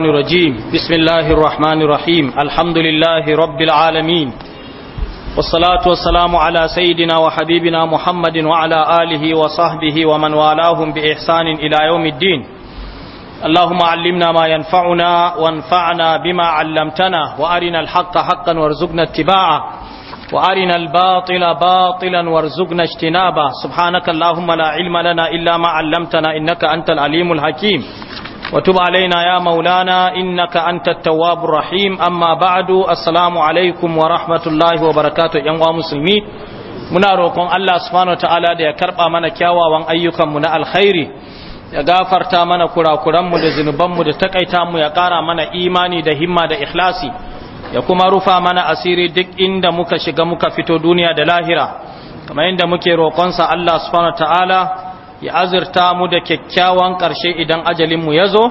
الرجيم بسم الله الرحمن الرحيم الحمد لله رب العالمين والصلاة والسلام على سيدنا وحبيبنا محمد وعلى آله وصحبه ومن والاهم بإحسان إلى يوم الدين اللهم علمنا ما ينفعنا وانفعنا بما علمتنا وأرنا الحق حقا وارزقنا اتباعه وأرنا الباطل باطلا وارزقنا اجتنابه سبحانك اللهم لا علم لنا إلا ما علمتنا إنك أنت العليم الحكيم وتب علينا يا مولانا إنك أنت التواب الرحيم أما بعد السلام عليكم ورحمة الله وبركاته يا musulmi muna rokon Allah subhanahu da ya karɓa mana kyawawan ayyukanmu na alkhairi ya gafarta mana kurakuranmu da zunubanmu da takaita mu ya kara mana imani da himma da ikhlasi ya kuma rufa mana asiri duk inda muka shiga muka fito duniya da lahira kamar inda muke roƙonsa Allah subhanahu ya azurta mu da kyakkyawan ƙarshe idan ajalinmu ya zo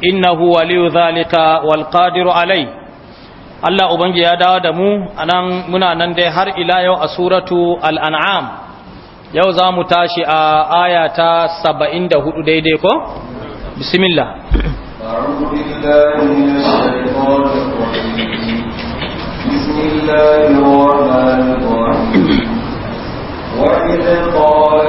innahu waliyu zalika wal qadiru alai Allah ubangi ya dawo da mu anan muna nan dai har ila yau a suratu al-an'am yau za mu tashi a aya ta 74 daidai ko bismillah بسم الله الرحمن الرحيم وإذ قال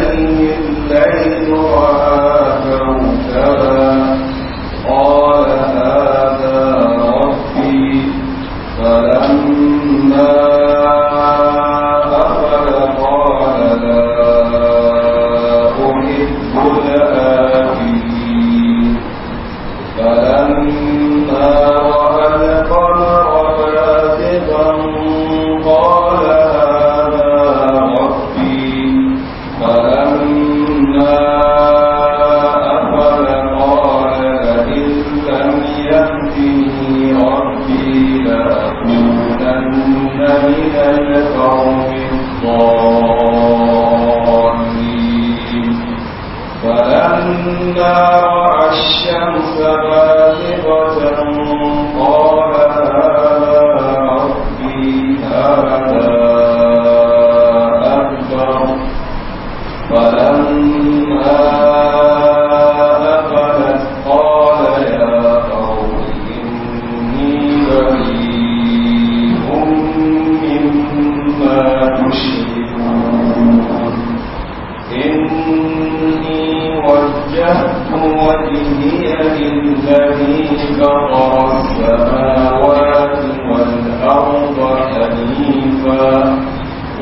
وجهي للذي فطر السماوات والأرض حنيفا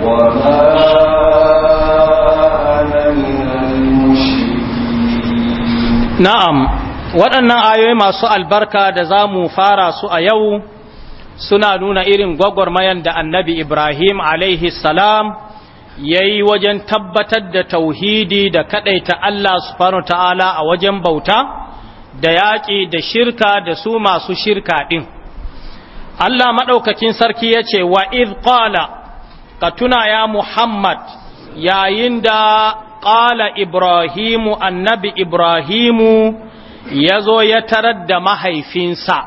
وما أنا من المشركين نعم waɗannan ayoyi masu albarka da za mu fara su a yau suna nuna irin gwagwarmayan da annabi ibrahim alaihi salam yayi wajen tabbatar da tauhidi da kadaita Allah subhanahu ta'ala a wajen bauta da yaƙi da shirka da su masu shirka din Allah madaukakin sarki yace wa iz qala ka tuna ya Muhammad yayin da qala Ibrahimu annabi Ibrahimu ya zo ya tarar da mahaifinsa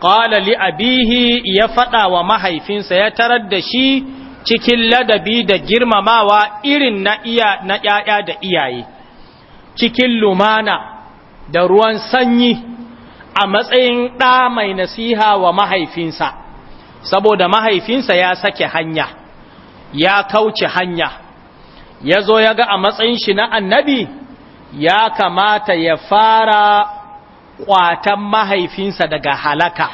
qala li abihi ya fada wa mahaifinsa ya tarar da shi cikin ladabi da girmamawa irin na iya na ƴaƴa da iyaye cikin lumana da ruwan sanyi a matsayin ɗa mai nasiha wa mahaifinsa saboda mahaifinsa ya sake hanya ya kauce hanya ya zo ya ga a matsayin shi na annabi ya kamata ya fara ƙwatan mahaifinsa daga halaka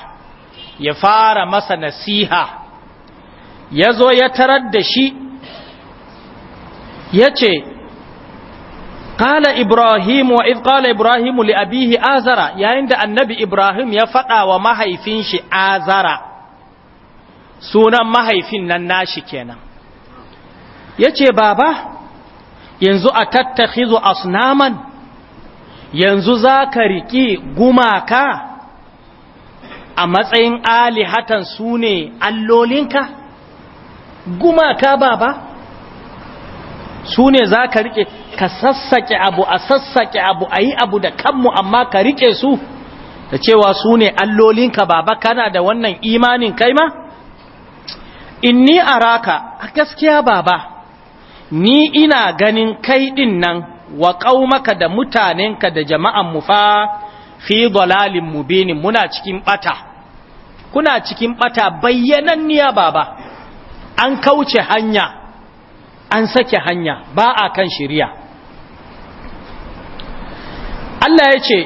ya fara masa nasiha ya zo ya tarar da shi ya ce ƙala ibrahim wa ƙala ibrahim li azara yayin da annabi ibrahim ya faɗa wa mahaifin shi azara sunan mahaifin nan nashi kenan ya ce baba yanzu a tattakhizu asnaman yanzu za ka riƙi gumaka a matsayin alihatan su ne allolinka gumaka baba su ne za ka rike ka sassaƙe abu a sassaƙe abu a yi abu da kanmu amma ka rike su da cewa su ne allolinka baba kana da wannan imanin kai ma inni araka a gaskiya baba ni ina ganin kai din nan wa kaumaka da mutanenka da jama'an mu fa fi dalalin mubinin muna cikin bata kuna cikin bata bayyananniya baba an kauce hanya an sake hanya ba a kan shirya Allah ya ce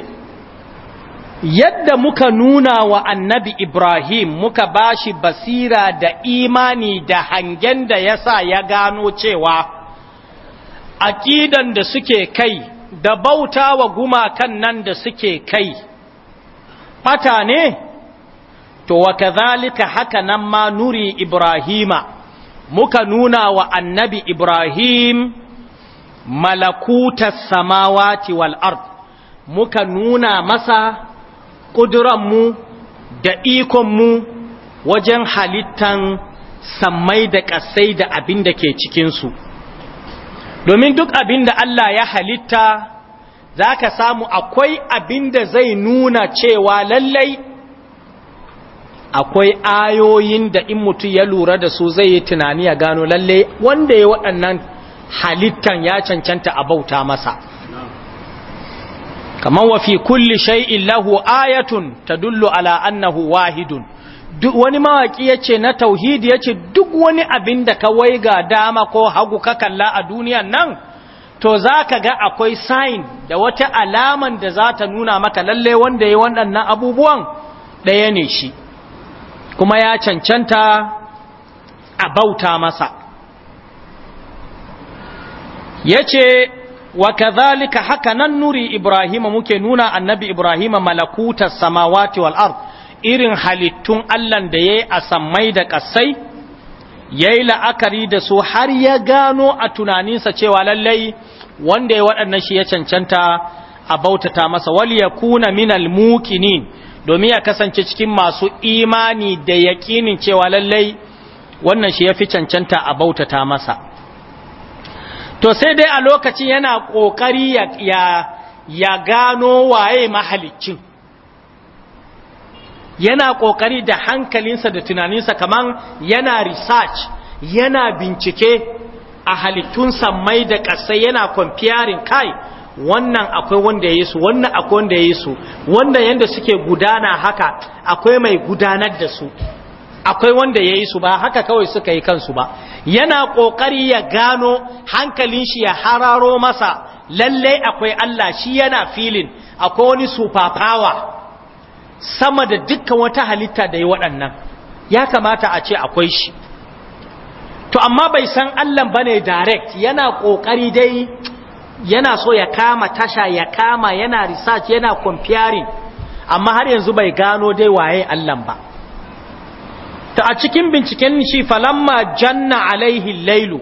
yadda muka nuna wa annabi Ibrahim muka bashi basira da imani da hangen da ya sa ya gano cewa aƙidan da suke kai da bauta wa gumakan nan da suke kai fata ne to wa kazalika haka nan ma nuri Ibrahima muka nuna wa annabi Ibrahim malakutar samawati wal ard muka nuna masa ƙuduranmu da ikonmu wajen halittan sammai da ƙasai da abin da ke cikinsu domin duk abin da Allah ya halitta za ka samu akwai abin da zai nuna cewa lallai akwai ayoyin da in mutum ya lura da su zai yi tunani ya gano lalle wanda ya waɗannan halittan ya cancanta a bauta masa kamar wa fi kulli shay'in lahu ayatun tadullu ala annahu wahidun wani mawaki yace na tauhidi yace duk wani abin da ka waiga dama ko hagu ka kalla a duniyan nan to zaka ga akwai sign da wata alaman da za ta nuna maka lalle wanda ya waɗannan abubuwan ɗaya ne shi kuma ya cancanta a bauta masa ya ce wa kazalika haka nan nuri ibrahima muke nuna annabi ibrahima malakutar samawati wal ard irin halittun allan da ya yi a sammai da ƙasai ya yi la'akari da su har ya gano a tunaninsa cewa lallai wanda ya waɗannan shi ya cancanta a bautata masa wal ya kuna minal mukinin domin ya kasance cikin masu imani da yaƙinin cewa lallai wannan shi ya fi cancanta a bautata masa to sai dai a lokacin yana ƙoƙari ya, ya, ya gano waye mahalicin yana ƙoƙari da hankalinsa da tunaninsa kaman yana research yana bincike a halittun sammai da ƙasai yana comparing kai wannan akwai wanda ya su wannan akwai wanda ya su wanda yanda suke gudana haka akwai mai gudanar da su akwai wanda ya su ba haka kawai suka yi kansu ba yana ƙoƙari ya gano hankalin shi ya hararo masa lallai akwai Allah shi yana filin akwai wani superpower sama da dukkan wata halitta da yi waɗannan ya kamata a ce akwai shi to amma bai san Allah bane direct yana ƙoƙari dai yana so ya kama tasha ya kama yana research yana comparing amma har yanzu bai gano dai waye Allah ba ta a cikin binciken shi falamma janna alaihi lailu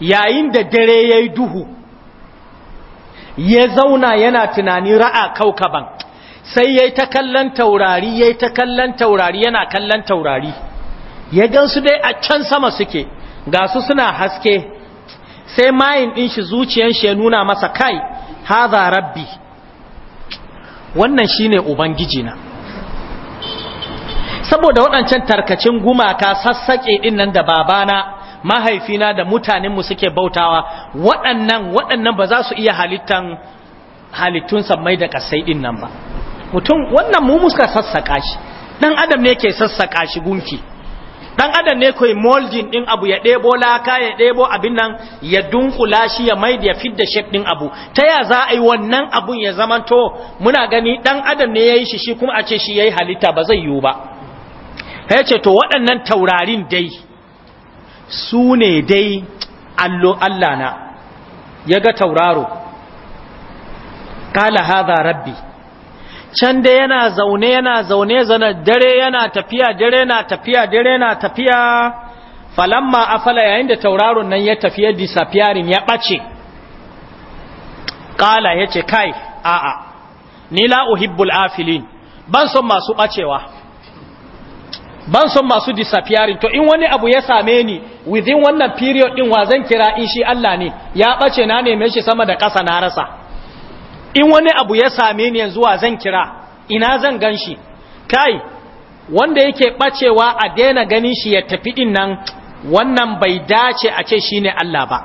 yayin da dare yayi duhu ya zauna yana tunani ra'a kaukaban sai yayi ta kallon taurari yayi ta kallon taurari yana kallon taurari ya su dai a can sama suke ga su suna haske sai mayin ɗin shi zuciyar shi ya nuna masa kai haza rabbi wannan shine ubangiji na saboda waɗancan tarkacin gumaka sassaƙe ɗin nan da babana mahaifina da mutanenmu suke bautawa waɗannan waɗannan ba za su iya halittan halittun samai da ƙasai ɗin nan ba mutum wannan mu muska sassaƙa shi ɗan adam ne ke sassaƙa shi gunki dan adam ne koi molding din abu ya ɗebo laka ya ɗebo abin nan ya dunkula shi ya mai da ya fidda shape din abu ta ya za a yi wannan abun ya zamanto muna gani dan adam ne yayi shi shi kuma a ce shi yayi halitta ba zai yiwu ba ya ce to waɗannan taurarin dai su ne dai allo Allah na ya ga tauraro kala hadha rabbi can dai yana zaune yana zaune zana dare yana tafiya dare na tafiya dare na tafiya falamma afala yayin da tauraron nan ya tafiya disappearing ya bace kala yace kai a'a ni la uhibbul afilin ban son masu bacewa ban son masu disappearing to in wani abu ya same ni within wannan period din wa zan kira in shi Allah ne ya bace na neme shi sama da ƙasa na rasa in wani abu ya same ni yanzu wa zan kira ina zan gan shi kai wanda yake bacewa a daina ganin shi ya tafi din nan wannan bai dace a ce shine Allah ba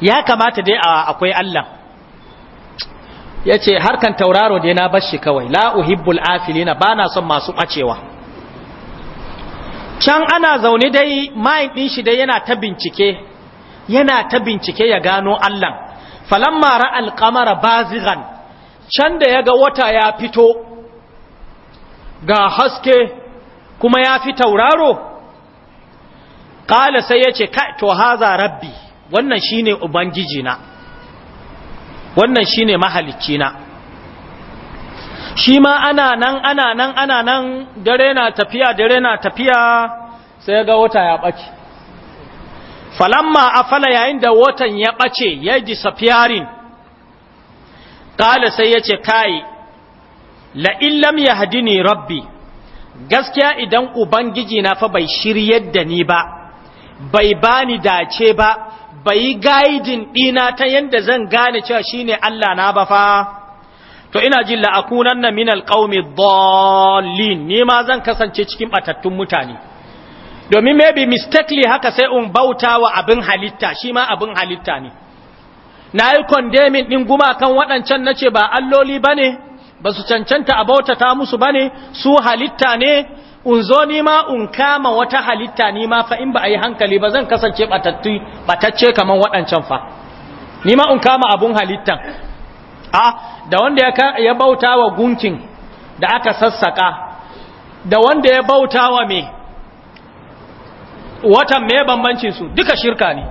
ya kamata dai akwai Allah yace harkan tauraro dai na bashi kawai la uhibbul afilina ba son masu bacewa can ana zaune dai mayin din shi dai yana ta bincike yana ta bincike ya gano Allah falamma ra'al qamara bazighan can da yaga wata ya fito ga haske kuma ya fi tauraro qala sai yace kai to haza rabbi wannan shine ubangiji na wannan shine mahalicci na shi ma ana nan ana nan ana nan dare na tafiya dare na tafiya sai ga wata ya bace falamma afala yayin da watan ya ɓace ya disappearing ƙala sai ya ce kai la'illam ya ne rabbi gaskiya idan ubangiji na fa bai shiryar da ni ba bai bani dace ba bai gaidin ɗina ta yadda zan gane cewa shine Allah na ba fa to ina jin la'akunan na minal ƙaumi ni ma zan kasance cikin ɓatattun mutane domin maybe mistakenly haka sai in bauta wa abin halitta shi ma abin halitta ne na yi condemning ɗin gumakan waɗancan na ce ba alloli ba ne ba su cancanta a bautata musu ba ne su halitta ne in zo nima in kama wata halitta nima fa in ba a yi hankali ba zan kasance batacce kaman waɗancan fa nima in kama abun halittan a ah, da wanda ya bauta wa gunkin da aka sassaka da wanda ya bauta wa mai watan mai bambancin su duka shirka ne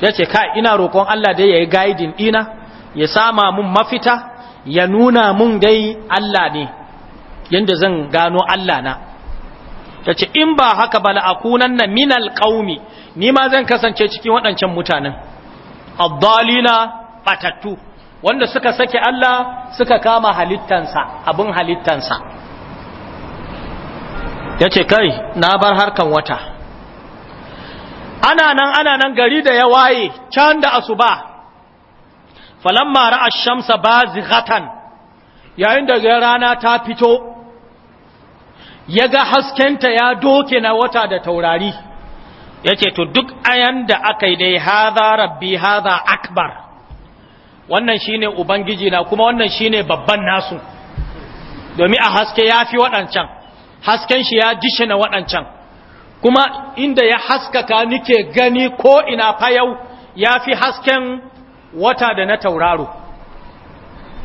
ya ce kai ina roƙon Allah da ya yi gaidin ina ya sama mun mafita ya nuna mun dai Allah ne yadda zan gano Allah na ya ce in ba haka ba la'akunan na minal ƙaumi ni ma zan kasance cikin waɗancan mutanen abdalina batattu wanda suka sake Allah suka kama halittansa abin halittansa ya ce kai na bar harkan wata ana nan ana nan gari da ya waye can da asuba falamma ra'a shamsa bazighatan yayin da rana ta fito yaga haskenta ya doke na wata da taurari yace to duk ayan da akai dai hadha rabbi hadha akbar wannan shine ubangiji na kuma wannan shine babban nasu domin a haske yafi wadancan hasken shi ya jishe na waɗancan kuma inda ya haskaka nike gani ko ina fayau ya fi hasken wata da na tauraro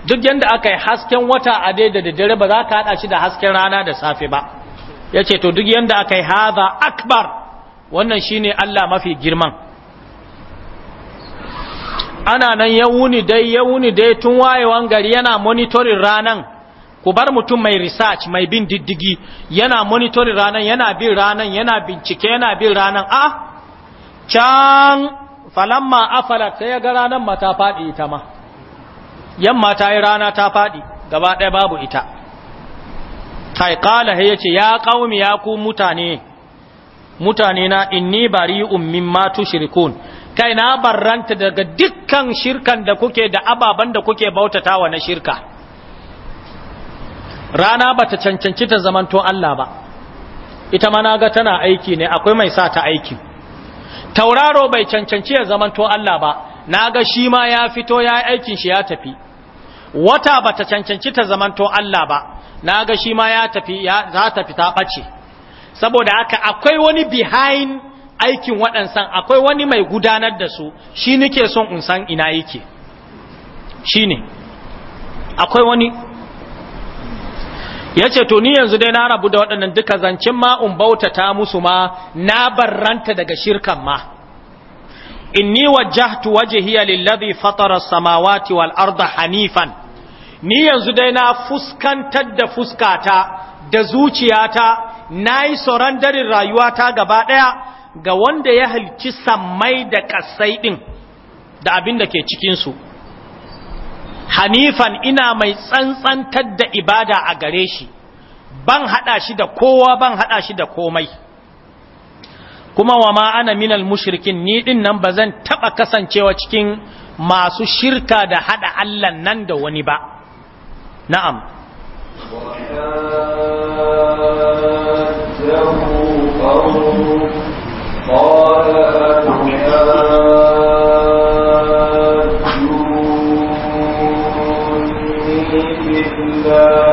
duk yadda aka yi hasken wata a dai da daddare ba za ka haɗa shi da hasken rana da safe ba ya ce to duk yadda aka yi haza akbar wannan shi ne Allah mafi girman ana nan ya wuni dai ya wuni dai tun wayewan gari yana monitorin ranan ku bar mutum mai research mai bin diddigi yana monitor ranan yana bin ranan yana bincike yana bin ranan a ah, can falamma afala sai ya ga ranan ma ta faɗi ita ma yamma ta yi rana ta faɗi gaba ɗaya babu ita kai kala ya ce ya ƙaumi ya ku mutane mutane na inni bari ummin matu shirikun kai na barranta daga dukkan shirkan da kuke da ababan da kuke bautatawa na shirka rana ba ta cancanci ta zamanto Allah ba ita ma naga tana aiki ne akwai mai sa ta aiki tauraro bai cancanci ya zamanto Allah ba naga shi ma ya fito ya aikin shi ya tafi wata ba ta cancanci ta zamanto Allah ba naga shi ma ya tafi ya za ta fita bace saboda haka akwai wani behind aikin waɗansan akwai wani mai gudanar da su shi nake son in san ina yake shine akwai wani ya ce to ni yanzu dai na rabu da waɗannan duka zancen ma in bautata musu ma na barranta daga shirkan ma inni wajjahtu wajhiya lillazi fatara samawati wal arda hanifan ni yanzu dai na fuskantar da fuskata da zuciyata nayi sorandarin rayuwata gaba daya ga wanda ya halci sammai da kasai din da abin da ke cikin su hanifan ina mai tsantsantar da ibada a gare shi ban hada shi da kowa ban hada shi da komai kuma wa ma ana minal mushrikin ni din nan bazan taba kasancewa cikin masu shirka da hada Allah nan da wani ba na'am قال أنا الله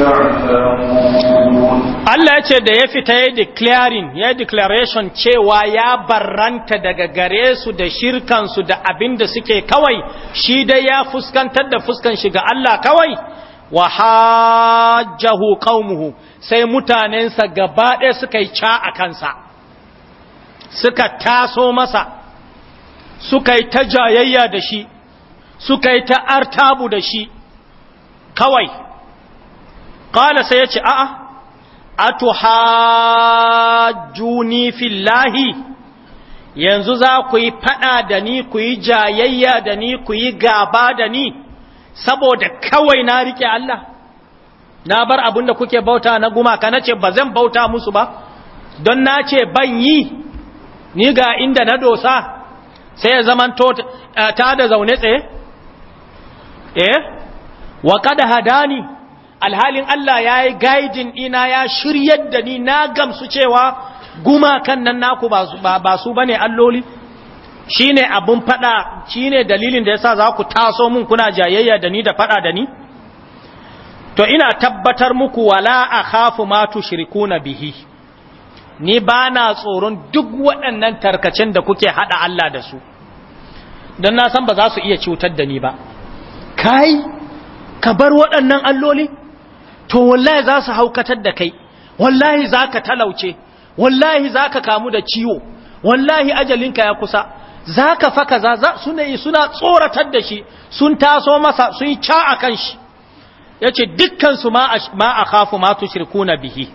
Allah ya ce da ya fita ya declaring ya declaration cewa ya barranta daga gare su da shirkansu da abin da suke kawai shi dai ya fuskantar da fuskan shi ga Allah kawai wa hajjahu qaumuhu sai mutanensa gaba ɗaya suka yi ca a kansa suka taso masa suka yi ta jayayya da shi suka yi ta artabu da shi kawai ƙala sai ya ce a'a a tuhajjuni fillahi yanzu za ku yi faɗa da ni ku yi jayayya da ni ku yi gaba da ni saboda kawai na riƙe Allah na bar abin da kuke bauta na gumaka na ce ba zan bauta musu ba don na ce ban yi ni ga inda na dosa sai ya zaman eh, ta da zaune tsaye eh wa kada hadani alhalin Allah ya yi gaijin ina ya shiryar da ni na gamsu cewa gumakan nan naku ba su ba ne alloli shi ne abin fada shi ne dalilin da ya sa za ku taso mun kuna jayayya da ni da fada da ni to ina tabbatar muku wala a hafu matu shirku na bihi ni ba na tsoron duk waɗannan tarkacin da kuke haɗa Allah da su don na san ba za su iya cutar da ni ba kai ka bar waɗannan alloli to wallahi za su haukatar da kai wallahi za ka talauce wallahi za ka kamu da ciwo wallahi ajalinka ya kusa za ka faka za suna tsoratar da shi sun taso masa sun ca a kan shi ya ce dukkansu ma a kafu ma tushirku na bihi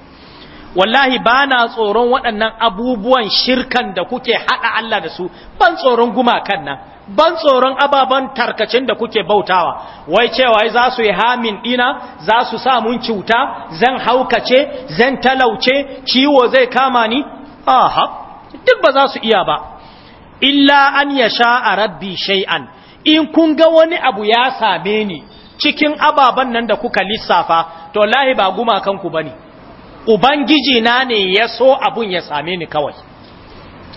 wallahi ba na tsoron waɗannan abubuwan shirkan da kuke haɗa Allah da su ban tsoron gumakan nan ban tsoron ababen tarkacin da kuke bautawa wai cewa za su yi hamin ɗina za su sa mun cuta zan haukace zan talauce ciwo zai kama ni aha duk ba za su iya ba illa an ya sha a rabbi shay'an in kun ga wani abu ya same ni cikin ababen nan da kuka lissafa to lahi ba gumakanku ba ne ubangiji na ne ya so abun ya same ni kawai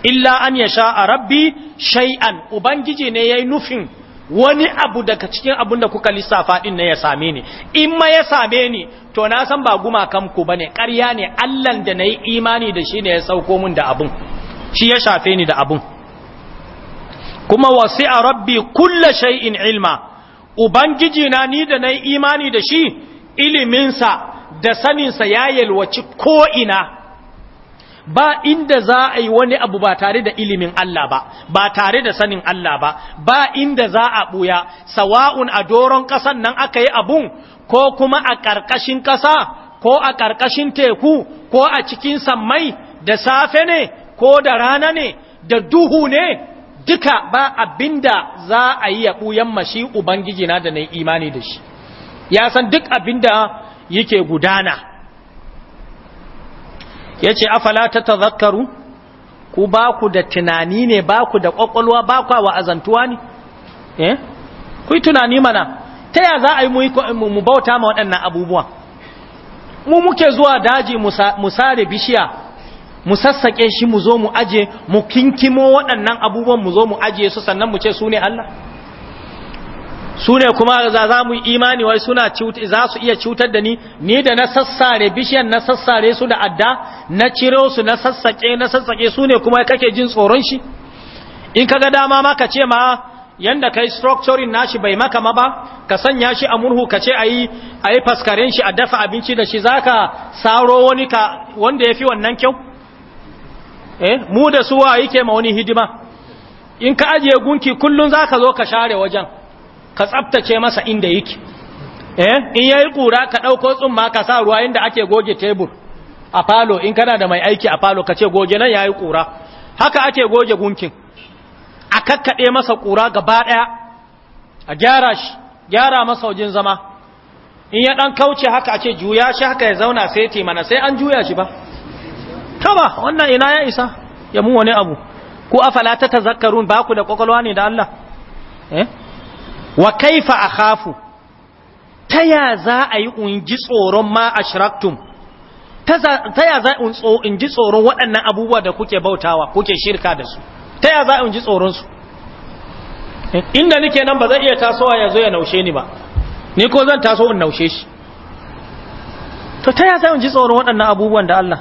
illa an ya sha a rabbi shai'an. ubangiji ne ya yi nufin wani abu daga cikin abun da kuka lissafa din ne ya same ni in ma ya same ni to na san ba kamku ku ne ƙarya ne allan da na yi imani da shi ne ya sauko min da abun shi ya shafe ni da abun kuma wasi'a rabbi kulla shay'in ilma ubangiji na ni da na yi imani da shi iliminsa da saninsa ya yalwaci ko'ina ba inda za a yi wani abu ba tare da ilimin Allah ba ba tare da sanin Allah ba ba inda za a ɓuya sawa'un a doron ƙasan nan aka yi abun ko kuma a ƙarƙashin ƙasa ko a ƙarƙashin teku ko a cikin sammai da safe ne ko da rana ne da duhu ne duka ba abinda za a yi ya ɓuyan mashi Ubangiji na da na imani da shi ya san duk abinda yake gudana yace afala ta tazakkaru ku ba ku da tunani ne ba ku da kwakwalwa ba ku azantuwa ne eh ku yi tunani mana ta ya za a yi mu bauta ma waɗannan abubuwa mu muke zuwa daji mu sare bishiya mu sassaƙe shi mu zo mu aje mu kinkimo waɗannan abubuwan mu zo mu aje su sannan mu ce su ne Allah su ne kuma za mu imani wai suna za su iya cutar da ni ni da na sassare bishiyan na sassare su da adda na ciro su na sassake na sassake su ne kuma kake jin tsoron shi in kaga dama ma ka ce ma yanda kai structuring nashi bai maka ma ba ka sanya shi a murhu ka ce ayi ayi faskaren shi a dafa abinci da shi zaka saro wani ka wanda yafi wannan kyau eh mu da su wa yake ma wani hidima in ka ajiye gunki kullun zaka zo ka share wajen ka tsabtace masa inda yake eh in yayi kura ka ɗauko tsumma ka sa ruwa inda ake goge tebur a falo in kana da mai aiki a falo ka ce goge nan yayi kura haka ake goge gunkin a kakkade masa kura gaba ɗaya, a gyara shi gyara masa wajen zama in ya dan kauce haka a ce juya shi haka ya zauna sai te mana sai an juya shi ba ba wannan ina ya isa ya mu wani abu ko afala ta tazakkarun ba ku da kwakwalwa ne da Allah eh wa kaifa akhafu ta ya za a yi unji tsoron ma ashraktum ta ya za in ji tsoron waɗannan abubuwa da kuke bautawa kuke shirka da su ta ya za in ji tsoronsu inda nike nan ba zai iya tasowa ya zo ya naushe ni ba ni ko zan taso in naushe shi to ta ya za in ji tsoron waɗannan abubuwan da Allah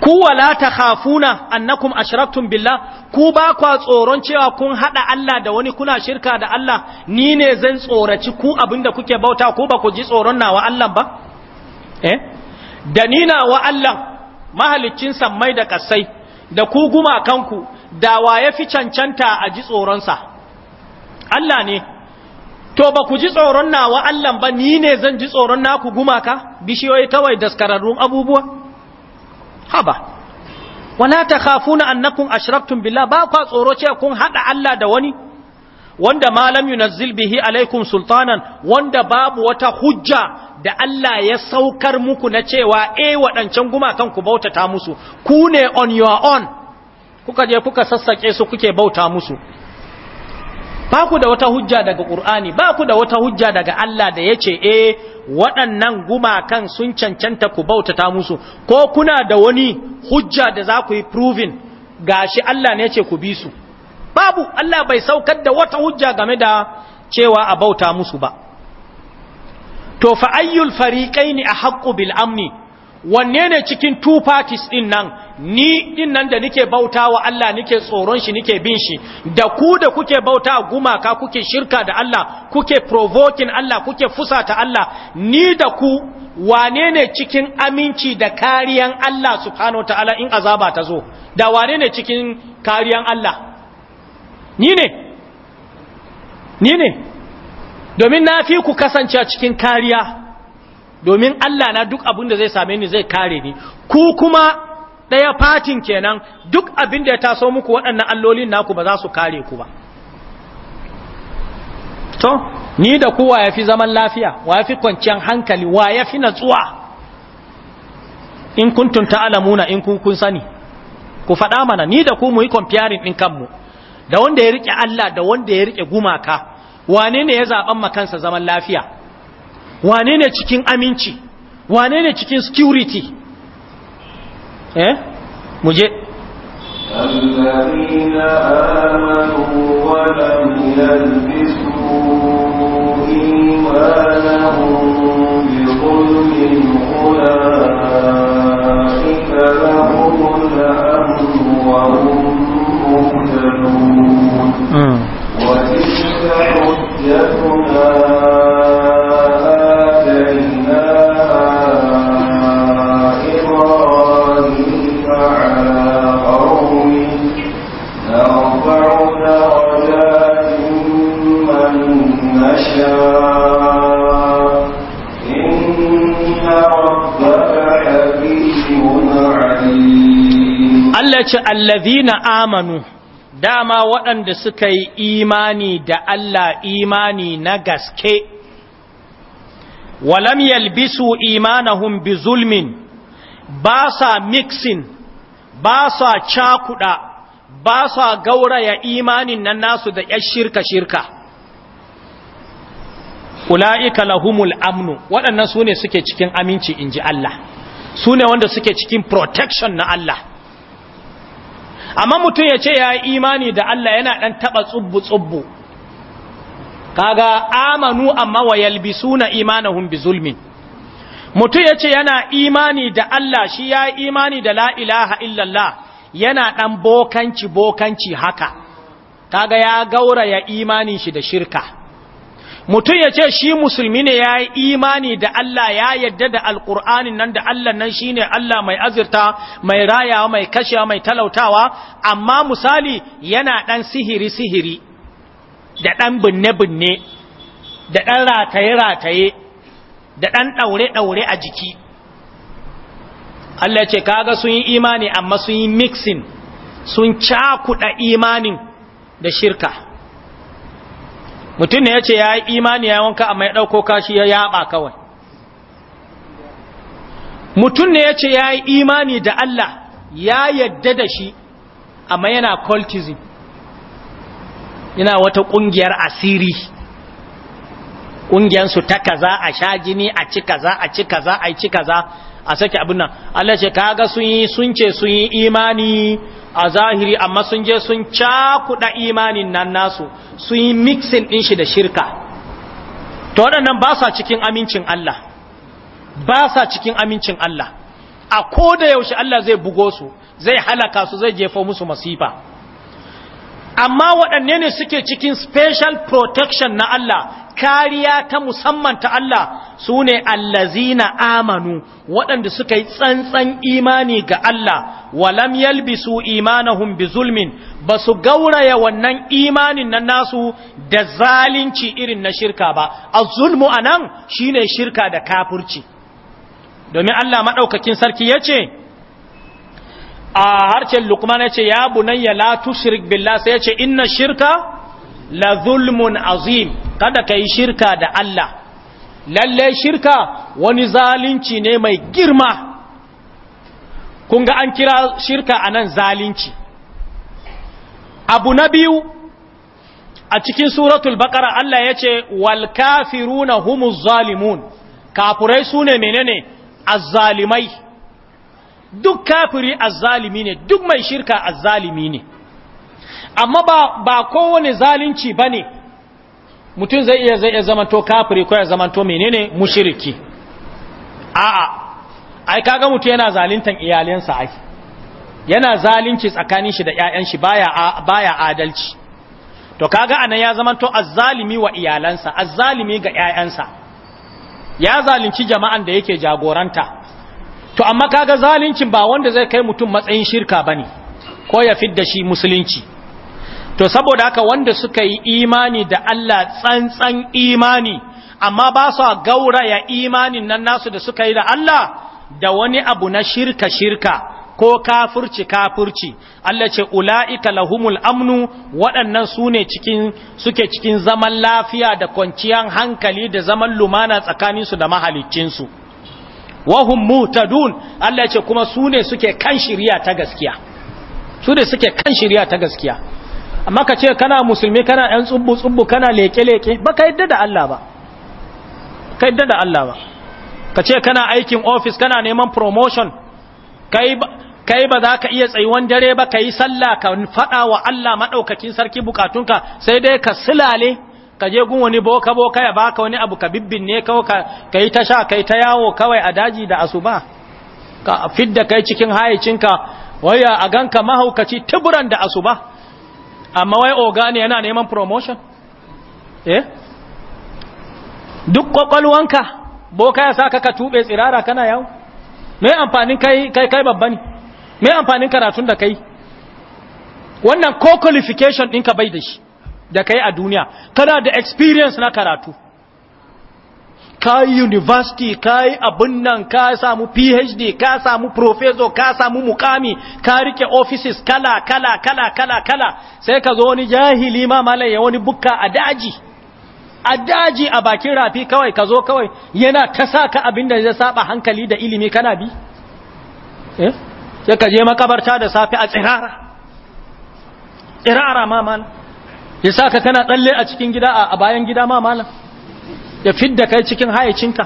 ku wala ta khafuna annakum ashraktum billah ku ba kwa tsoron cewa kun hada Allah da wani kuna shirka da Allah ni ne zan tsoraci ku abinda kuke bauta ku ba ku ji tsoron nawa Allah ba eh da ni Allah mahaliccin sammai da kasai da ku guma kanku da waye fi cancanta a ji tsoron sa Allah ne to ba ku ji tsoron nawa Allah ba ni ne zan ji tsoron naku ka? bishiyoyi kawai daskararrun abubuwa haba wala takhafuna annakum ashraktum billah ba kwa tsoro ce kun hada Allah da wani wanda malam yunazzil bihi alaikum sultanan wanda babu wata hujja da Allah ya saukar muku na cewa eh waɗancan gumakan ku bauta ta musu ku ne on your own kuka je kuka sassake su kuke bauta musu ba ku da wata hujja daga ƙur'ani ba ku da wata hujja daga Allah da ya ce e waɗannan gumakan sun cancanta ku bautata musu ko kuna da wani hujja da za ku yi proving shi Allah ne ce ku bi su babu Allah bai saukar da wata hujja game da cewa a bauta musu ba to fa ayyul fariqaini ahqqu bil amni wanne ne cikin two parties din nan ni din nan da nike bauta wa Allah nike tsoron shi nike bin shi da ku da kuke bauta gumaka kuke shirka da Allah kuke provoking Allah kuke fusata Allah ni da ku wane ne cikin aminci da kariyan Allah subhanahu ta'ala in azaba ta zo da wane ne cikin kariyan Allah ni ne ni ne domin na fi ku kasance cikin kariya domin Allah na duk abin da zai same ni zai kare ni ku kuma ɗaya fatin kenan duk abin da ya taso muku waɗannan allolin naku ba za su kare ku ba to ni da ku ya fi zaman lafiya wa ya fi kwanciyar hankali wa ya fi natsuwa in kuntun ta'alamuna in kun kun sani ku faɗa mana ni da ku mu yi kwamfiyarin ɗin kanmu da wanda ya rike Allah da wanda ya rike gumaka wane ne ya zaben makansa zaman lafiya wane ne cikin aminci wane ne cikin security eh muje الذين آمنوا ولم يلبسوا إيمانهم بظلم أولئك لهم الأمن وهم مهتدون وتلك حجتنا Allah ce allazina amanu dama waɗanda suka yi imani da Allah imani na gaske walam yalbisu imanahum bi zulmin ba sa mixing ba sa cakuda ba sa gauraya imanin nan nasu da yar shirka shirka ula'ika lahumul amnu waɗannan sune suke cikin aminci inji Allah Sune wanda suke cikin protection na Allah amma mutum ya ce ya yi imani da Allah yana ɗan taɓa tsubbu-tsubbu kaga amanu amma wa suna imanahun bi zulmin mutum ya ce yana imani da Allah shi ya yi imani da lailaha illallah yana ɗan bokanci-bokanci haka kaga ya gauraya imanin shi da shirka mutum ya ce shi musulmi ne ya yi imani da Allah ya yadda da alƙur'anin nan da Allah nan shine Allah mai azirta mai raya mai kashewa mai talautawa amma misali yana ɗan sihiri-sihiri da ɗan binne-binne da ɗan rataye-rataye da ɗan ɗaure-ɗaure a jiki Allah ce kaga sun yi imani amma sun yi mixing sun cakuɗa imanin da shirka mutum ne ya ce ya yi imani ya wanka amma ya ɗauko kashi ya yaba kawai mutum ne ya ce ya yi imani da Allah ya yadda da shi amma yana cultism yana wata ƙungiyar asiri ƙungiyarsu ta kaza a sha jini a ci kaza a ci kaza a ci kaza a sake abin nan Allah ce kaga sun yi sun ce sun yi imani a zahiri amma sun je sun cakuɗa imanin nan nasu sun yi mixin ɗin shi da shirka to waɗannan ba sa cikin amincin Allah ba sa cikin amincin Allah a ko da yaushe Allah zai bugo su zai halaka su zai jefa musu masifa amma waɗanne ne suke cikin special protection na Allah kariya ta musamman ta Allah su ne allazina amanu waɗanda suka yi tsantsan imani ga Allah walam yalbisu imanahum bi zulmin ba su gauraya wannan imanin na nasu da zalunci irin na shirka ba a zulmu a shi shine shirka da kafurci. domin Allah maɗaukakin sarki ya ce a harcen ya yace ya bunayya la tushrik billah sai yace inna shirka la zulmun azim kada ka yi shirka da Allah lalle shirka wani zalunci ne mai girma Kunga an kira shirka a nan zalunci abu na biyu a cikin suratul bakara Allah ya ce wal kafiruna humuz zalimun kafurai su ne menene azzalimai duk kafiri azzalimi ne duk mai shirka azzalimi ne amma ba kowane zalunci bane mutum zai iya zai zama to kafiri ko ya zama menene mushriki a'a ai kaga mutum yana zaluntan iyalansa ai yana zalunci tsakanin shi da ƴaƴan shi baya baya adalci to kaga anan ya zama to azzalimi wa iyalansa azzalimi ga ƴaƴansa ya zalunci jama'an da yake jagoranta to amma kaga zaluncin ba wanda zai kai mutum matsayin shirka bane ko ya fidda shi musulunci to saboda haka wanda suka yi imani da Allah tsantsan imani amma ba su gauraya imanin nan nasu da suka yi da Allah da wani abu na shirka shirka ko kafurci-kafurci, Allah ce ula'ika lahumul amnu waɗannan su ne cikin suke cikin zaman lafiya da kwanciyar hankali da zaman lumana tsakaninsu da mahalicinsu wahum mutadun Allah ce kuma su ne suke kan shiriya ta gaskiya su ne suke kan shirya ta gaskiya amma ka ce kana musulmi kana ɗan tsubbu-tsubbu kana leke-leke ba ka yadda da Allah ba ka yadda da Allah ba ka ce kana aikin ofis kana neman promotion ka yi ba za ka iya tsayuwan dare ba ka yi sallah ka faɗa wa Allah maɗaukakin sarki bukatunka sai dai ka silale ka je gun wani boka-boka ya baka wani abu ka ne kawai ka yi ta sha ka yi ta yawo kawai a daji da asuba ka fidda kai cikin hayacinka waya a ganka mahaukaci tuburan da asuba amma wai ogani yana neman promotion eh duk kwakwalwanka boka ya sa ka ka tube tsirara kana yawo me amfanin kai kai kai babba ne me amfanin karatun da kai wannan ko qualification ɗinka bai da shi da kai a duniya kana da experience na karatu ka university ka yi abin nan ka samu phd ka samu professor ka samu mukami ka rike offices kala kala kala kala kala sai ka zo wani jahili ma ya wani bukka a daji a daji a bakin rafi kawai ka zo kawai yana ta sa abin da zai saba hankali da ilimi kana bi eh sai ka je makabarta da safe a tsirara tsirara ma malam ya sa ka kana tsalle a cikin gida a bayan gida ma malam ya fidda kai cikin hayacinka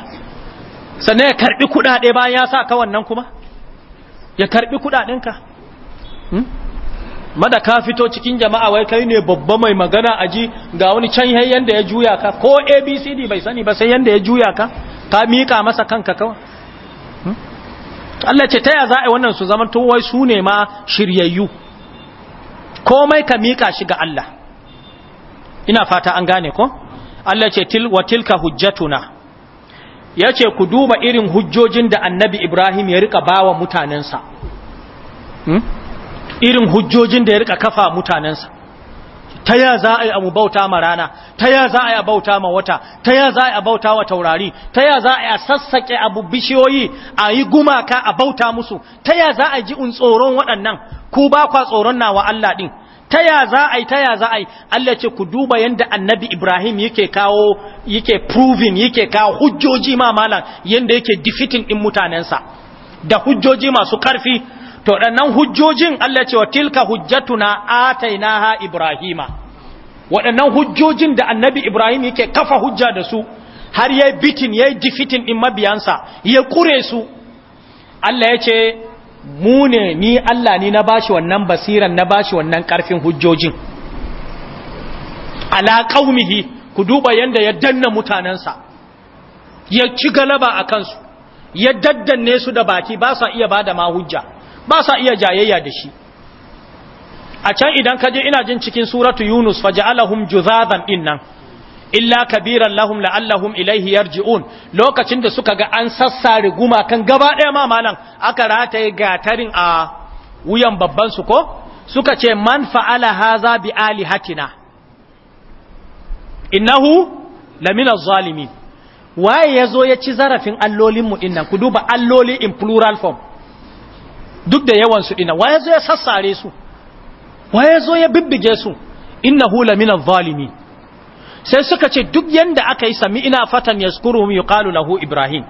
sannan ya karbi kudade bayan ya sa ka wannan kuma ya karbi kudadenka hmm? mada ka fito cikin jama'a wai kai ne babba mai magana aji ga wani can da ya juya ka ko abcd bai sani ba sai yanda ya juya ka ka mika masa kanka kawai hmm? Allah ce ta ya za a wannan su zama wai su ne ma shiryayyu komai ka mika shi ga Allah ina fata an gane ko Allah ce til wa tilka hujjatuna yace ku duba irin hujjojin da annabi Ibrahim ya rika bawa mutanensa hmm? irin hujjojin da ya rika kafa mutanensa ta ya za a yi abu bauta ma rana ta ya za a yi bauta ma wata ta ya za a yi bauta wa taurari ta ya za a yi sassaƙe abu bishiyoyi a yi gumaka a bauta musu ta ya za a ji in tsoron waɗannan ku ba kwa tsoron nawa Allah ɗin Taya ya za a yi ta za a yi Allah ce ku duba yadda annabi Ibrahim yake kawo yake proving yake kawo hujjoji ma malam yadda yake defeating din mutanensa da hujjoji masu karfi to ɗannan hujjojin Allah ce wa tilka hujjatuna atainaha Ibrahima waɗannan hujjojin da annabi Ibrahim yake kafa hujja da su har yayi bitin yayi defeating din mabiyansa ya kure su Allah ya ce Mune ni Allah ni na bashi wannan basiran na bashi wannan karfin hujjojin ala qaumihi ku duba yanda ya danna mutanansa ya ci galaba a kansu ya daddanne su da baki ba sa iya bada ma hujja ba sa iya jayayya da shi a can idan ka je ina jin cikin suratu yunus faja'alahum juzazan ɗinnan. illa kabiran lahum la'allahum ilaihi yarji'un lokacin da suka ga an sassare gumakan gaba ɗaya ma malam aka rataye gatarin a wuyan babban su ko suka ce man fa'ala haza bi alihatina innahu lamina zalimin waye yazo ya ci zarafin allolin mu dinnan ku duba alloli in plural form duk da yawan su dinnan waye yazo ya sassare su waye yazo ya bibbige su innahu lamina zalimin sai suka ce duk yanda aka yi sami ina fatan ya na lahu ibrahim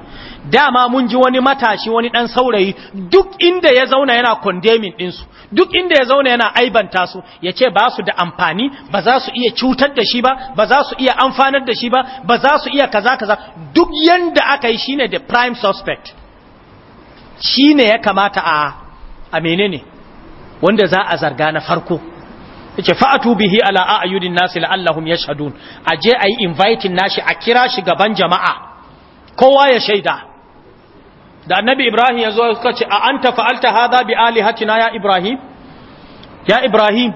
dama mun ji wani matashi wani dan saurayi duk inda ya zauna yana kondemin ɗinsu duk inda ya zauna yana aibanta su ya ce ba su da amfani ba za su iya cutar da shi ba ba za su iya amfanar da shi ba ba za su iya kaza kaza duk yanda aka yi shine the prime suspect shine ya kamata a a menene wanda za a zarga na farko yace fa'atu bihi ala a'yunin nasi la'allahum yashhadun aje ayi inviting nashi a kira shi gaban jama'a kowa ya shaida da annabi ibrahim yazo suka kace a anta fa'alta hadha bi alihatina ya ibrahim ya ibrahim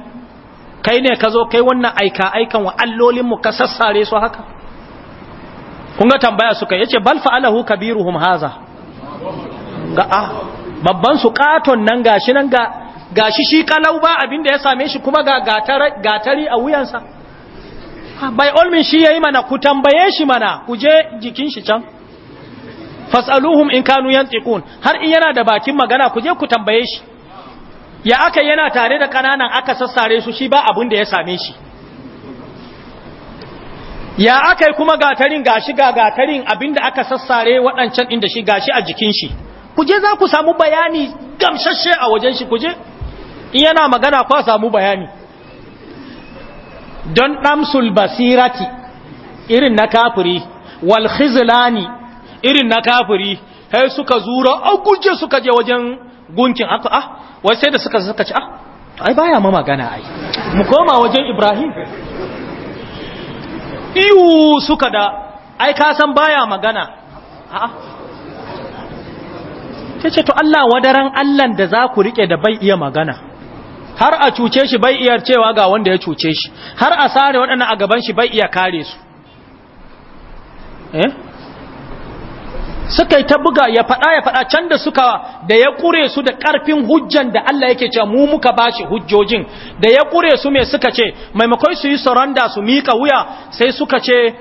kai ne ka zo kai wannan aika aikan wa allolin mu ka sassare su haka kun ga tambaya suka yace bal fa'alahu kabiruhum hadha ga ah babban su katon nan gashi nan ga ga shi shi kalau ba abin da ya same shi kuma ga gatari a wuyansa bai olmin shi ya yi mana ku tambaye shi mana ku je jikin shi can fasaluhun in kanu yantiqun har in yana da bakin magana ku je ku tambaye shi ya aka yana tare da kananan aka sassare su shi ba abin da ya same shi ya aka kuma gatarin gashi ga gatarin abin da aka sassare waɗancan inda shi gashi a jikin shi ku je za ku samu bayani gamsashe a wajen shi ku je in yana magana kwa samu bayani don damsul basirati irin na kafiri wal khizlani irin na kafiri sai suka zura a suka je wajen gunkin aka ah wai sai da suka suka ci ah ai baya ma magana ai mu koma wajen Ibrahim iyu suka da ai ka san baya magana a, a'a ce to Allah wadaran Allah da za ku rike da bai iya magana har a cuce shi bai iya cewa ga wanda ya cuce shi har a sare waɗannan a gaban shi bai iya kare su eh suka yi ta buga ya faɗa ya faɗa can da suka da ya ƙure su da ƙarfin hujjan da Allah yake cewa mu muka bashi hujjojin da ya ƙure su mai suka ce maimakon su yi saranda su mika wuya sai suka ce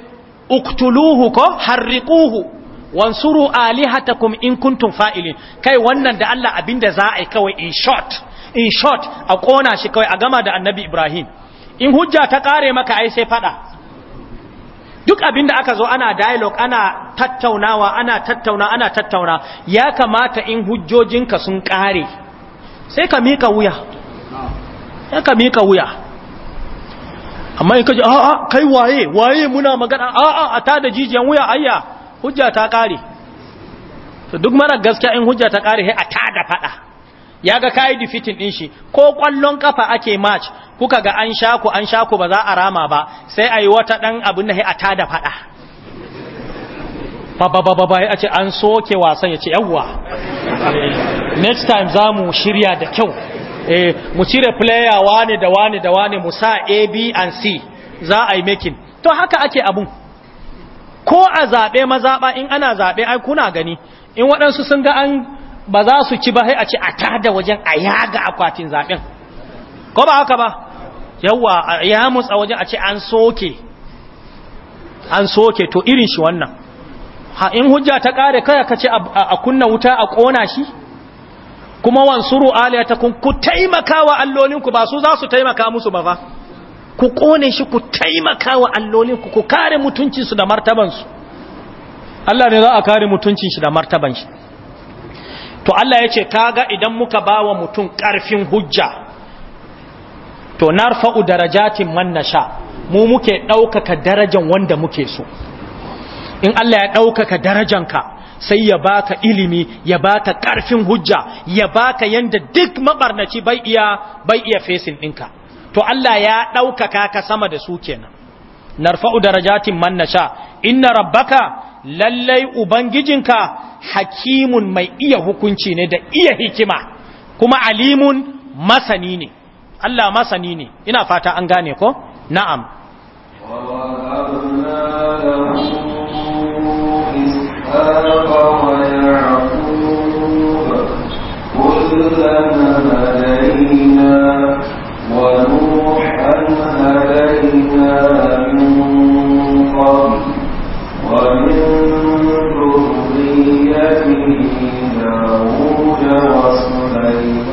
uktuluhu ko harriquhu wansuru alihatakum in kuntum fa'ilin kai wannan da Allah abinda za a yi kawai in short in short a kona shi kawai a gama da annabi ibrahim in hujja ta kare maka ai sai fada duk abinda aka zo ana dialogue ana tattaunawa ana tattauna ana tattauna ya kamata in hujjojinka sun kare sai ka mika wuya sai ka mika wuya amma in ka ji a'a kai waye waye muna magana a'a a ta da jijiyan wuya ayya hujja ta kare to duk mara gaskiya in hujja ta kare sai a ta da fada ya ga kayi defeating din shi ko kwallon kafa ake match kuka ga an sha ku an sha ku ba za a rama ba sai ayi wata dan abin nahi a tada fada ba ba ba ba ya ce an soke wasan ya ce yawwa next time za mu shirya da kyau eh, mu cire player wane da wane da wane mu sa A B and C za a yi making to haka ake abun ko a zaɓe mazaɓa in ana zabe ai kuna gani in waɗansu sun ga an ba za su ci ba sai a ci a tada wajen a yaga akwatin zaɓen ko ba haka ba yawa ya a wajen a ce an soke an soke to irin shi wannan ha in hujja ta kare kaya ka ce a kunna wuta a kona shi kuma wansuru kun ku taimaka wa allolinku ba su za su taimaka musu ba fa ku kone shi ku taimaka wa allolinku ku kare mutuncinsu da martabansu Allah ne za a kare mutuncin shi da martaban shi to Allah ya ce kaga idan muka ba wa mutum ƙarfin hujja to narfa'u darajatin man nasha mu muke ɗaukaka darajan wanda muke so in Allah ya ɗaukaka darajanka sai ya baka ilimi ya baka ƙarfin hujja ya baka yanda duk mabarnaci bai iya bai iya fesin ɗinka to Allah ya ɗaukaka ka sama da su kenan narfa'u darajatin man nasha inna rabbaka lallai ubangijinka hakimun mai iya hukunci ne da iya hikima kuma alimun masani ne Allah masani ne ina fata an gane ko na'am وَنُوحًا هَدَيْنَا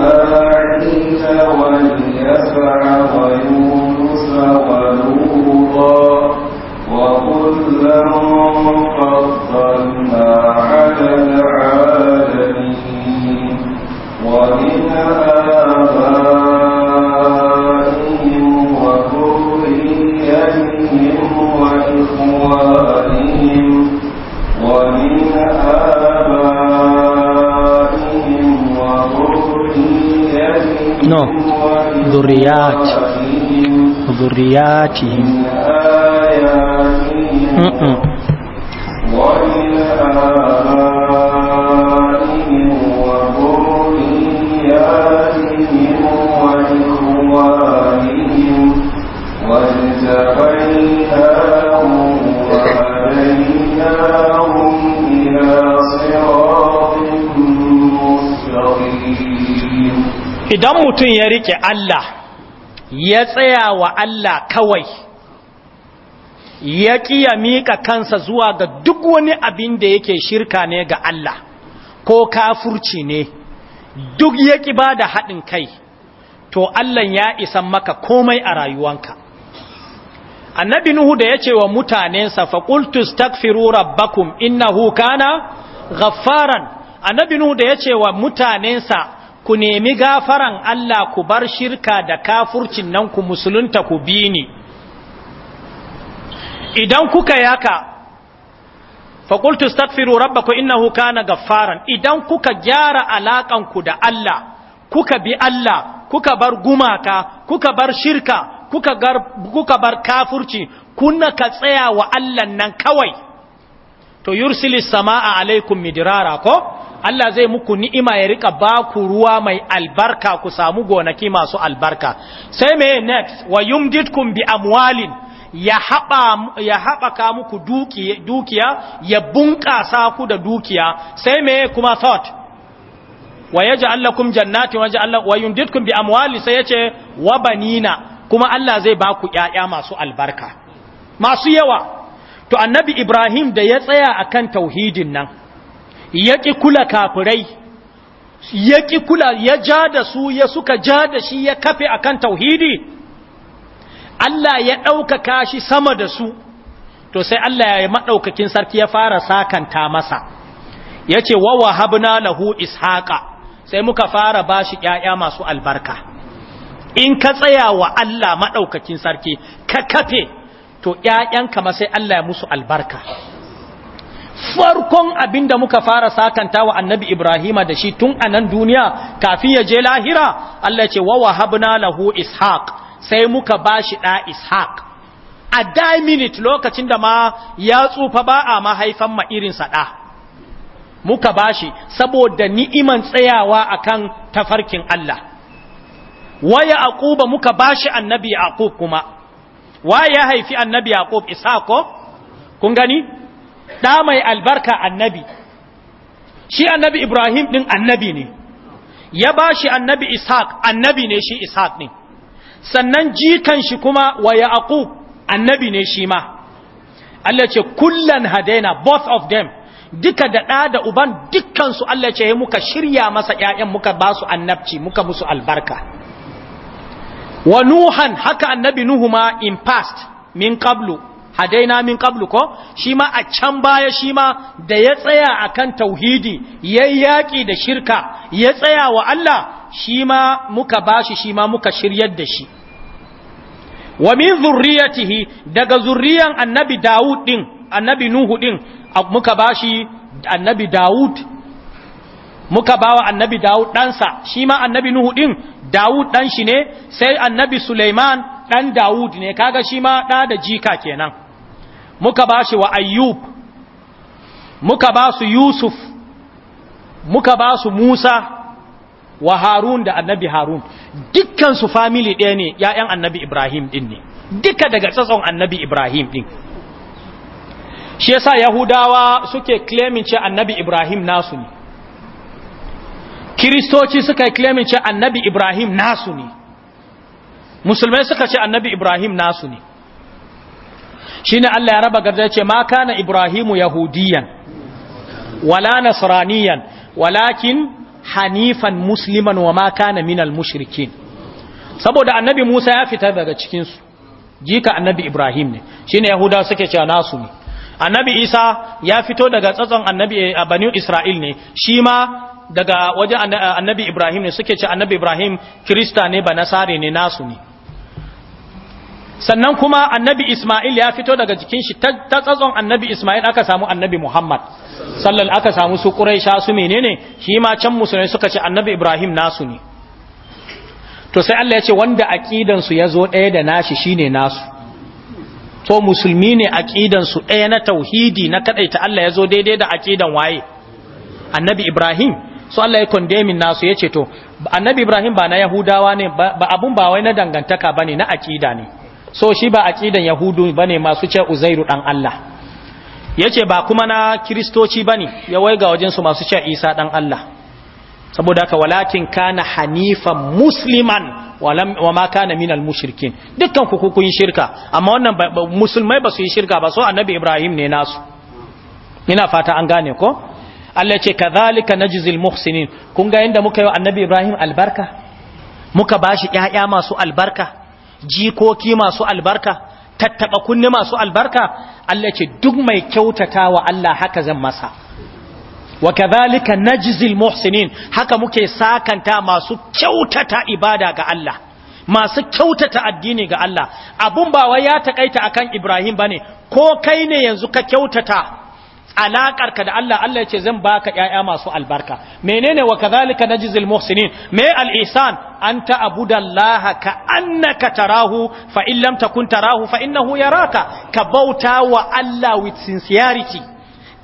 وإسماعيل واليسع ويونس ولوطا وكلا فضلنا على العالمين ومن آبائهم وذريتهم وإخوانهم no dhurriyat dhurriyatihim idan mutum ya rike Allah ya tsaya wa Allah kawai ya ƙiya miƙa kansa zuwa ga duk wani abin da yake shirka ne ga Allah ko kafurci ne duk ya ki ba da haɗin kai to Allah ya isan maka komai a rayuwanka annabi nuhu da ya ce wa mutanensa faƙultus takfiru rabbakum innahu kana ghaffaran annabi nuhu da ya ce wa mutanensa ku nemi gafaran Allah ku bar shirka da kafurcin nan ku musulunta ku bi ni idan kuka yaka faƙultu stagfiru rabbaku innahu kana gafaran idan kuka gyara ku da Allah kuka bi Allah kuka bar gumaka kuka bar shirka kuka, gar, kuka bar kafurci kuna ka tsaya wa Allah nan kawai to yursilis sama'a alaikum midirara ko Allah zai muku ni'ima ya rika ba ku ruwa mai albarka ku samu gonaki masu albarka sai me next wa yumditkum bi amwalin ya haɓaka muku dukiya ya bunƙasa ku da dukiya sai me kuma thought wa yaj'al lakum jannati wa yaj'al wa yumditkum bi amwali sai yace wa banina kuma Allah zai ba ku ƴaƴa masu albarka masu yawa to annabi Ibrahim da ya tsaya akan tauhidin nan ya ƙi kula kafirai ya ƙi kula ya ja da su ya suka ja da shi ya kafe akan tauhidi Allah ya ɗaukaka shi sama da su to sai Allah ya maɗaukakin sarki ya fara sakanta masa ya ce wawa habna lahu ishaƙa sai muka fara bashi shi ‘ya'ya masu albarka in ka tsaya wa Allah maɗaukakin sarki ka kafe to ƴaƴanka ma sai Allah ya musu albarka farkon abin da muka fara sakanta wa annabi Ibrahima da shi tun a nan duniya kafin ya je lahira Allah ce wa wahabna lahu ishaq sai muka bashi da ishaq a da minute lokacin da ma ya tsufa ba a mahaifan ma irin sa da muka bashi saboda ni'iman tsayawa akan tafarkin Allah waya aquba muka bashi annabi aqub kuma waya haifi annabi aqub ishaq ko kun gani ɗa mai albarka annabi shi annabi ibrahim ɗin annabi ne ya ba shi annabi ishaq annabi ne shi ishaq ne sannan jikan shi kuma wa yaqub annabi ne shi ma Allah ce kullan hadaina both of them duka da ɗa da uban dukkansu Allah ce muka shirya masa ‘ya'yan muka ba su annabci muka musu albarka wa nuhan haka annabi nuhu ma in past min qablu hadaina min qablu ko shi a can baya shima da ya tsaya akan tauhidi yayi yaki da shirka ya tsaya wa Allah shi ma muka bashi shi muka shiryar da shi wa min zurriyatihi daga zurriyan annabi Dawud din annabi Nuhu din muka bashi annabi Dawud muka bawa annabi Dawud ɗansa shi annabi Nuhu din Dawud ɗanshi shi ne sai annabi Suleiman ɗan Dawud ne kaga shima ma da jika kenan muka ba shi wa ayyub muka ba su yusuf muka ba su musa wa harun da annabi harun dukkansu famili ɗaya ne ‘ya'yan annabi ibrahim ɗin ne duka daga tsatson annabi ibrahim ɗin shi yasa yahudawa suke claiming ce annabi ibrahim nasu ne kiristoci suka yi claiming ce annabi ibrahim nasu ne musulmai suka ce annabi ibrahim nasu ne shine Allah ya raba garda ce ma kana ibrahimu yahudiyan wala nasraniyan walakin hanifan musliman wa ma kana minal mushrikin saboda annabi Musa ya fita daga cikin su jika annabi Ibrahim ne shine yahuda suke cewa nasu ne annabi Isa ya fito daga tsatson annabi banu Isra'il ne shi ma daga wajen annabi Ibrahim ne suke ce annabi Ibrahim kirista ne ba nasare ne nasu ne sannan kuma annabi Ismail ya fito daga jikin shi ta tsatson annabi Ismail aka samu annabi Muhammad sallallahu aka samu su Quraysha su menene shi ma can musulmai suka ce annabi Ibrahim nasu ne to sai Allah ya ce wanda aqidan su yazo ɗaya da nashi shine nasu to musulmi ne aqidan su ɗaya na tauhidi na kadaita Allah yazo daidai da aqidan waye annabi Ibrahim so Allah ya condemn nasu yace to annabi Ibrahim ba na Yahudawa ne ba abun ba wai na dangantaka bane na aqida ne so shi ba aqidan yahudu bane masu ce uzairu dan Allah yace ba kuma na kristoci bane ya waiga wajen su masu ce isa dan Allah saboda haka walakin kana hanifan musliman wa ma kana minal mushrikin dukkan ku kun shirka amma wannan musulmai ba su yi shirka ba so annabi ibrahim ne nasu ina fata an gane ko Allah ce kadhalika najzil muhsinin kun ga yanda muka yi annabi ibrahim albarka muka bashi ƴaƴa masu albarka jikoki masu albarka tattaɓa kunni masu albarka Allah ce duk mai kyautata wa Allah haka zan masa wa kadhalika najzil muhsinin haka muke sakanta masu kyautata ibada ga Allah masu kyautata addini ga Allah abun ba wai ya takaita akan Ibrahim bane ko kai ne yanzu ka kyautata alaƙarka da Allah Allah ya ce zan baka ƴaƴa masu albarka menene wa kadhalika najzil muhsinin me al-ihsan anta abudallaha ka annaka tarahu fa in lam takun tarahu fa innahu yaraka ka bauta wa Allah with sincerity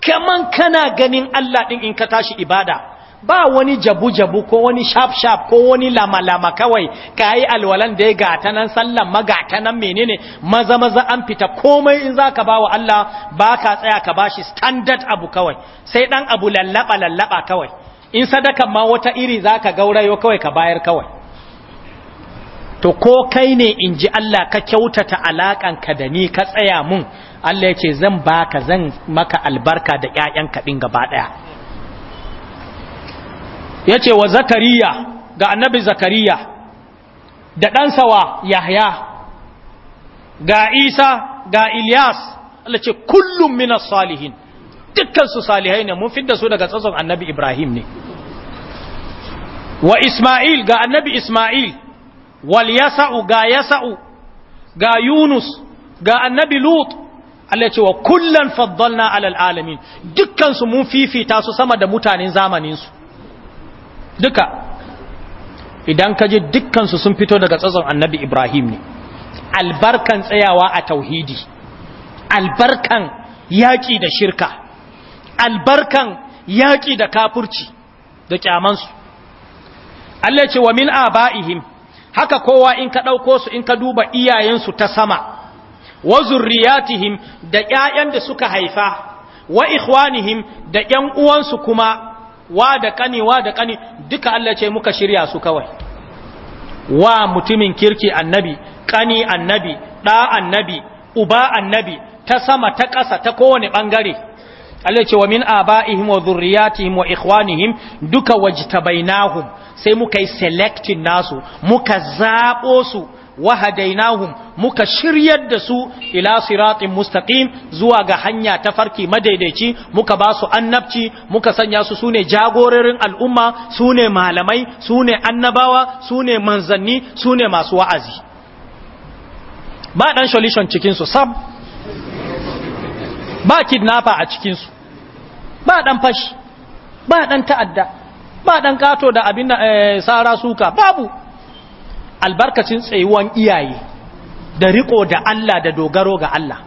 kaman kana ganin Allah din in ka tashi ibada ba wani jabu-jabu ko wani shaf-shaf ko wani lama-lama kawai ka yi alwalan da ya gata nan sallan magata nan menene maza-maza an fita komai in zaka ka ba wa Allah ba ka tsaya ka ba shi standard abu kawai sai dan abu lallaba-lallaba kawai in sadaka ma wata iri zaka ka gaurayo kawai ka bayar kawai to ko kai ne in ji Allah ka kyautata ka da ni ka tsaya mun Allah ya zan baka zan maka albarka da 'ya'yanka din gaba ɗaya ya ce wa zakariya ga annabi zakariya da ɗansa wa yahya ga isa ga ilyas Allah ce kullum minas salihin dukkansu salihai ne mun fidda su daga tsatson annabi ibrahim ne wa isma'il ga annabi isma'il wal yasa'u ga yasa'u ga yunus ga annabi lut Allah ce wa kullan faddalna alal alamin dukkansu mun fifita su sama da mutanen zamaninsu duka idan ka ji dukkansu sun fito daga tsatson annabi ibrahim ne albarkan tsayawa a tauhidi albarkan yaƙi da shirka albarkan yaƙi da kafurci da ƙyamansu. Allah ce wa min aba'ihim haka kowa in ka ɗauko su in ka duba iyayensu ta sama wa zurriyatihim da ƴaƴan da suka haifa wa ikhwanihim da ƴan uwansu kuma wa da kani wa da kani duka Allah ce muka shirya su kawai wa mutumin kirki annabi kani annabi da annabi uba annabi ta sama ta ƙasa ta kowane ɓangare Allah ce wa min aba'ihim wa dhurriyyatihim wa ikhwanihim duka wajtabainahum sai muka yi selecting nasu muka zabo su wahadainahum muka shiryar da su ila siratin mustaqim zuwa ga hanya ta farki madaidaici muka ba su annabci muka sanya su sune jagororin al'umma sune malamai sune annabawa sune manzanni sune masu wa'azi ba dan solution cikin su sab ba kidnapper a cikin su ba dan fashi ba dan ta'adda ba dan kato da abin da eh, sara suka babu albarkacin tsayuwan iyaye da riko da Allah da dogaro ga Allah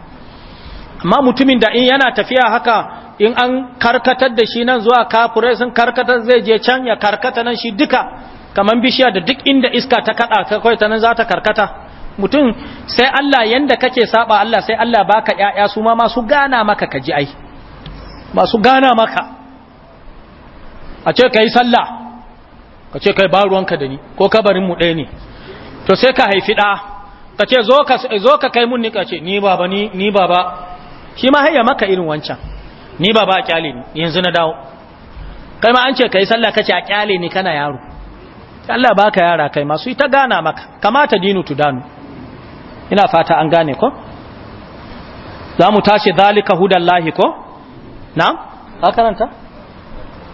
amma mutumin da in yana tafiya haka in an karkatar da shi nan zuwa kafure sun karkatar zai je can ya karkata nan shi duka kamar bishiya da duk inda iska ta kada kai ta nan za ta karkata mutum sai Allah yanda kake saba Allah sai Allah baka yaya su ma masu gana maka kaji ai masu gana maka a ce kai sallah ka ce kai ba ruwanka da ni ko kabarin mu ɗaya ne to sai ka haifi ɗa ka ce zo ka kai mun nika ce ni baba ni baba shi ma hayya maka irin wancan ni baba a kyale ni yanzu na dawo kai ma an ce ka yi sallah ka ce a kyale ni kana yaro Allah baka yara kai masu ita gana maka kamata dinu tu danu ina fata an gane ko za mu tashi zalika hudallahi ko na? a karanta?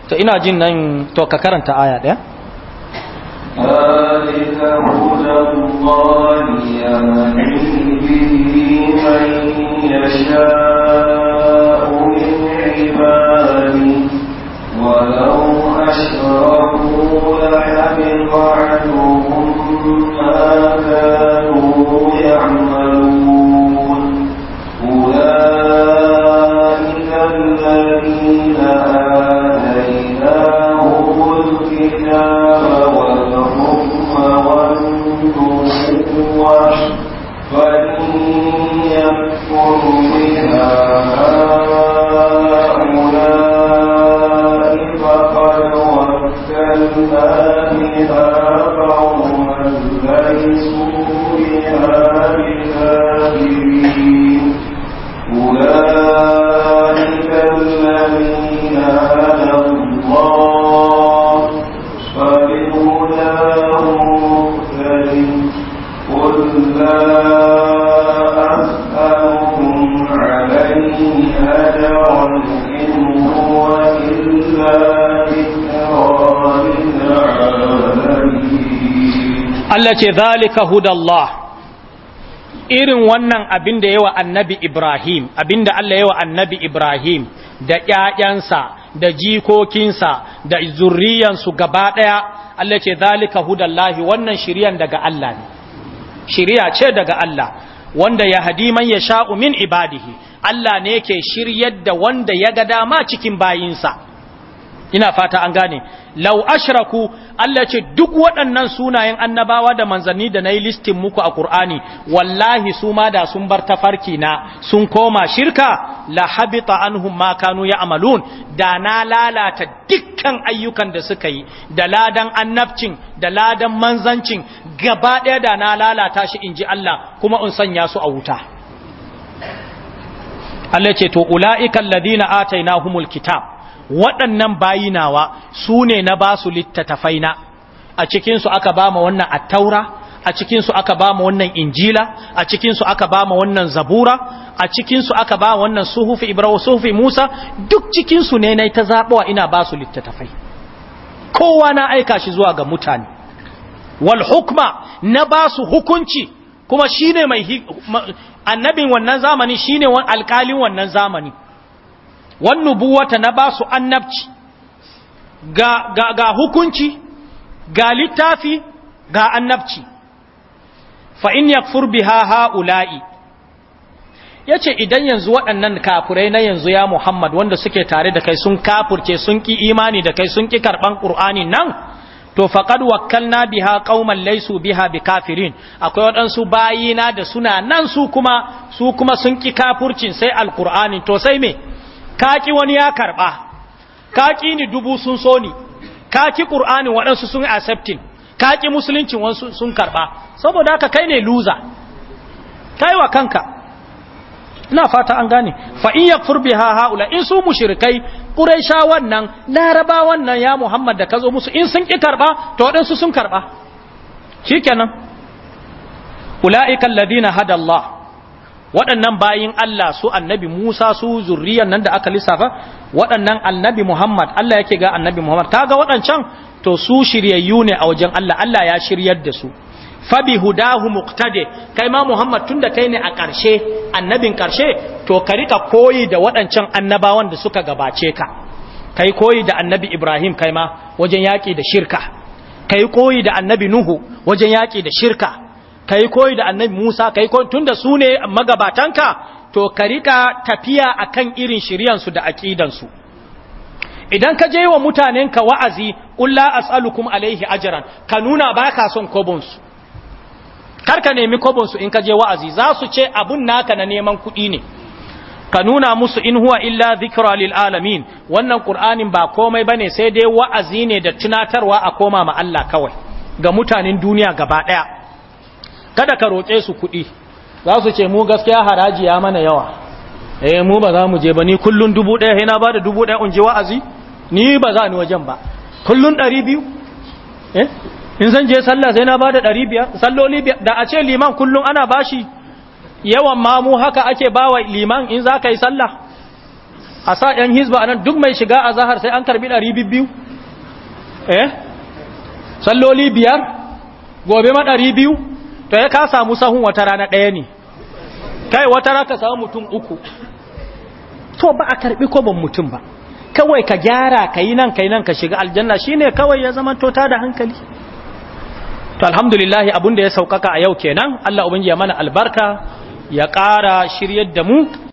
to ina jin nan to ka karanta aya ɗaya ذلك هدى الله به من يشاء من ولو أشركوا ما كانوا يعملون ce zalika hudallah irin wannan abin da yawa annabi Ibrahim abin da Allah yawa annabi Ibrahim da ƴaƴansa da jikokinsa da zurriyansu gaba ɗaya Allah ce zalika hudallahi wannan shiriyan daga Allah ne shiriya ce daga Allah wanda ya hadi man ya sha'u min ibadihi Allah ne ke shiryar da wanda ya ga dama cikin bayinsa ina fata an gane lau ashraku Allah ce duk waɗannan sunayen annabawa da manzanni da na yi listin muku a Kur'ani, wallahi su ma da sun bar tafarki na sun koma shirka la habita anhum ma kanu ya amalun da na lalata dukkan ayyukan da suka yi da ladan annabcin da ladan manzancin gaba ɗaya da na lalata shi in ji Allah kuma in sanya su a wuta. Allah ce to ula'ikan ladina atainahumul kitab waɗannan bayinawa su ne na ba su littattafaina a cikinsu aka ba ma wannan attaura a cikinsu aka ba ma wannan injila a cikinsu aka ba ma wannan zabura a cikinsu aka ba wannan suhufi ibrahim suhufi musa duk cikinsu ne na ta zaɓuwa ina ba su littattafai kowa na aika shi zuwa ga mutane wal hukma na ba su hukunci kuma shine mai annabin wannan zamani shine alkalin wannan zamani wannan buwata na basu annabci ga ga ga hukunci ga littafi ga annabci fa in yakfur biha haula'i yace idan yanzu waɗannan kafurai na yanzu ya Muhammad wanda suke tare da kai sun kafurce sun ki imani da kai sun ki karban Qur'ani nan to faqad wakkalna biha qauman laysu biha bikafirin akwai waɗansu bayina da suna nan su kuma su kuma sun ki kafurcin sai alqur'ani to sai me kaki wani ya karba kaki ni dubu sun so ni kaki qur'ani waɗansu sun accepting kaki musulunci wasu sun karba saboda haka kai ne loser kai wa kanka ina fata an gane fa in yakfur biha haula in su mushrikai quraisha wannan laraba wannan ya muhammad da kazo musu in sun ki karba to waɗansu sun karba shikenan ulaiikal ladina hada allah waɗannan bayin Allah su annabi Musa su zurriyan nan da aka lissafa waɗannan annabi Muhammad Allah yake ga annabi Muhammad ta ga waɗancan to su shiryayyu ne a wajen Allah Allah ya shiryar da su fabi hudahu muqtade kai ma Muhammad tun da kai ne a ƙarshe annabin ƙarshe to ka rika koyi da waɗancan annabawan da suka gabace ka kai koyi da annabi Ibrahim kai ma wajen yaƙi da shirka kai koyi da annabi Nuhu wajen yaƙi da shirka ka yi koyi da annabi Musa ka yi koyi tunda su ne magabatanka to ka rika tafiya akan irin shiryansu da aƙidansu idan ka je wa ka wa'azi ƙulla as'alukum alaihi ajiran ka nuna ba ka son kobonsu kar ka nemi kobonsu in ka je wa'azi za su ce abun naka na neman kuɗi ne ka nuna musu in huwa illa zikra lil alamin wannan qur'anin ba komai bane sai dai wa'azi ne da tunatarwa a koma ma Allah kawai ga mutanen duniya gaba daya kada ka roƙe su kuɗi za su ce mu gaskiya haraji ya mana yawa eh mu ba za mu je ba ni kullun dubu ɗaya sai ba da dubu ɗaya in je wa'azi ni ba za ni wajen ba kullun ɗari biyu eh in zan je sallah sai na ba da ɗari biyar salloli da a ce liman kullun ana bashi yawan mamu haka ake bawa liman in za ka yi sallah a sa ‘yan hizba nan duk mai shiga a zahar sai an karbi ɗari biyu eh salloli biyar gobe ma ɗari biyu to ya ka samu sahun wata rana ɗaya ne kai wata rana ka samu mutum uku to ba a karbi koban mutum ba kawai ka gyara ka yi nan ka yi nan ka shiga aljanna shi ne kawai ya zama tota da hankali to alhamdulillahi abun da ya saukaka a yau kenan Allah ubangiya mana albarka ya ƙara shiryar da mu